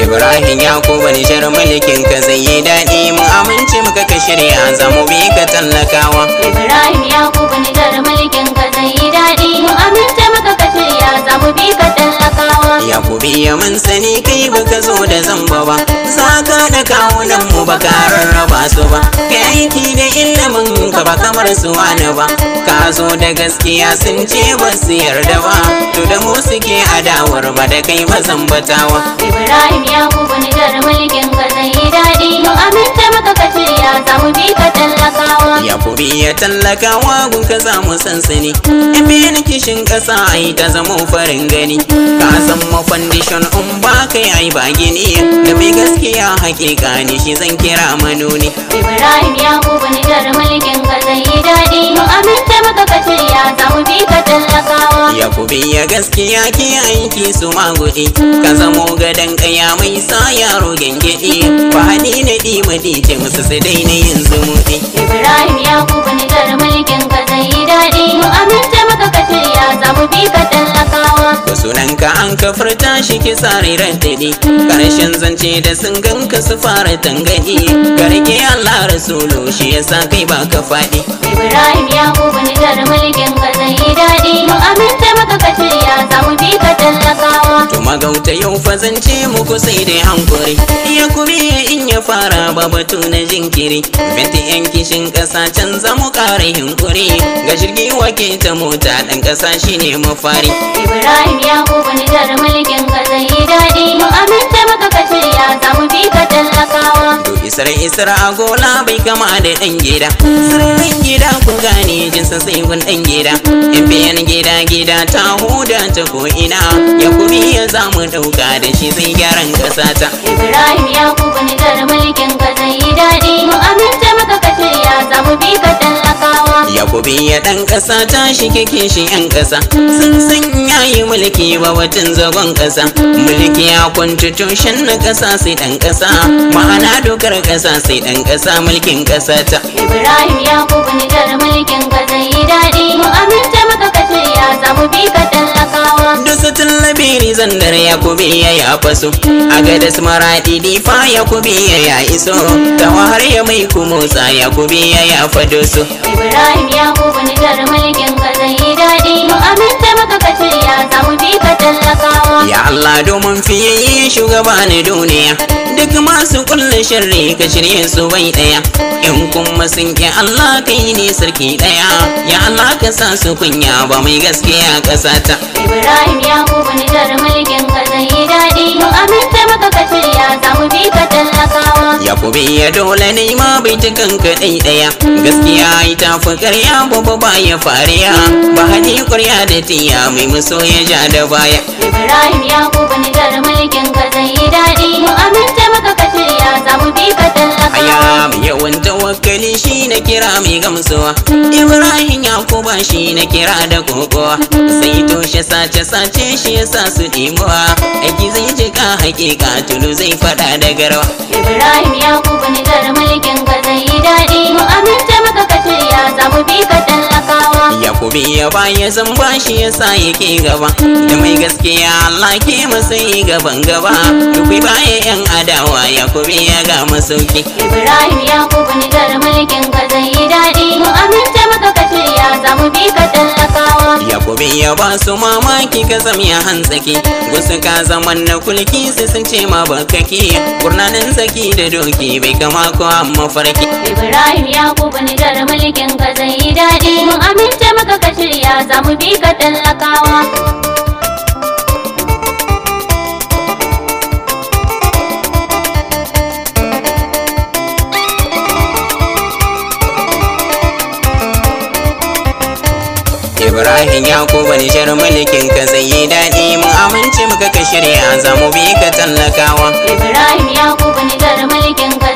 Ibrahim Yakubu Nijar mulkin ka zai yi daɗi mu amince muka ka shirya za mu bi ka tallakawa. Ibrahim Yakubu Nijar mulkin ka zai yi daɗi mu amince muka ka shirya za mu bi ka tallakawa. Yakubu ya mun sani kai baka zo da zamba ba, za ka da kawunan mu ba ka rarraba su ba, Kai ki da irin mun ka ba kamar su wani ba ka zo da gaskiya sun ce ba su yarda ba to da mu suke adawar ba da kai ba zan batawa ibrahim ya ku bani dar mulkin ka zai yi dadi. mu aminta maka ka ce za mu bi ka tallakawa ya bi ya tallakawa gun ka za mu sansani in bi ni kishin ƙasa ai ta zamo farin gani ka san ma kwandishon in ba kai ai ba gini da mai gaskiya hakika ne shi zan kira manoni ibrahim ya ku bani dar mulkin ka zai yi daɗi ya gaskiya ki aiki su maguɗi ka zamo gadon kaya mai sa yaro Ba faɗi na ɗima ce, musu su daina yin zumuɗi ibrahim ya ku bani mulkin ka zai yi daɗi mu amince maka ka shirya zamu bi ka tallaka da sunanka an ka furta shi ki tsari tadi karshen zance da sun ganka su fara tangani garke Allah rasulu shi yasa kai ba ka faɗi Ibrahim ya kuma ni tar mulkin ka idadi. daɗi mu aminta maka ka ya samu bi ka tallakawa to magauta yau fa zance muku sai dai hankuri iya kuma fara ba batu na jinkiri Binti yan kishin ƙasa can zamu ƙara hinkuri Ga shirgi wake ta mota ɗan ƙasa shi ne mafari Ibrahim ya kuma jar mulkin ka zai yi Mu aminta maka ka shirya bi tallakawa To isra isra a gola bai kama da ɗan gida Sirrin gida kun gane jinsa sai kun ɗan gida Yan biyan gida gida ta huda ta ko ina ya za mu dauka da shi zai gyaran kasa ta ibrahim ya kubu ni mulkin ka zai yi daɗi mu amince maka ka shirya za mu bi ka tallakawa ya kubi ya dan kasa ta shi kike shi yan kasa sun san yayi mulki ba wajen zagon kasa mulki ya kunci tushen na kasa sai dan kasa ma'ana dokar kasa sai dan kasa mulkin kasa ta ibrahim ya kubu ni mulkin ka zai yi daɗi mu amince maka ka shirya za mu bi ka zandar ya kubi ya ya faso a gadas maradi difa ya kubi ya iso ta wahar ya mai kumotsa ya kubi ya ya fado su. ibrahim ya kubu jar mulkin ka zai daɗi mu aminta maka ya samu bi ka Allah domin fiye shugaba na duniya duk masu kulle shirri ka shirye su bai daya in kuma sun ki Allah kai ne sarki daya ya Allah ka sa su kunya ba mai gaskiya kasata Ibrahim ya bani da mulkin ka zai dadi mu aminta ku biya dole ne ma bai ta kanka ɗai ɗaya gaskiya ita fi karya babu baya fariya ba haji kurya da tiya mai muso ya ja da baya ibrahim ya ku bani dar mulkin ka zai yi daɗi mu aminta maka ka shirya za bi ka yawan tawakkalin shi kira mai gamsuwa ibrahim yakuba shi na kira da kokowa sai toshe sace sace shi yasa su dimuwa aiki zai ka hakika tulu zai fada da garwa ibrahim yakuba ni gar mulkin ka zai daɗi mu aminta ya baya zan bashi ya sa ya ke gaba da mai gaskiya Allah ke masa yi gaban gaba duk baya yan adawa ya kube ya ga masauki Ibrahim ya kubu ni mulkin ka zai yi daɗi mu aminta maka ka shirya za bi ka tallaka yakobi ya basu mamaki ka zam ya hantsaki gusu ka zaman na kulki su sun ce ma bakaki gurnanin zaki da doki bai kama ko amma mafarki ibrahim yakubu ni jar mulkin ka zai yi daɗi mun amince maka ka shirya za mu bi ka tallakawa ibrahim yakubu shirin mulkin ka zai yi daɗi mu amince muka ka shirya mu bi ka tallakawa ibrahim yakubu shirin mulkin ka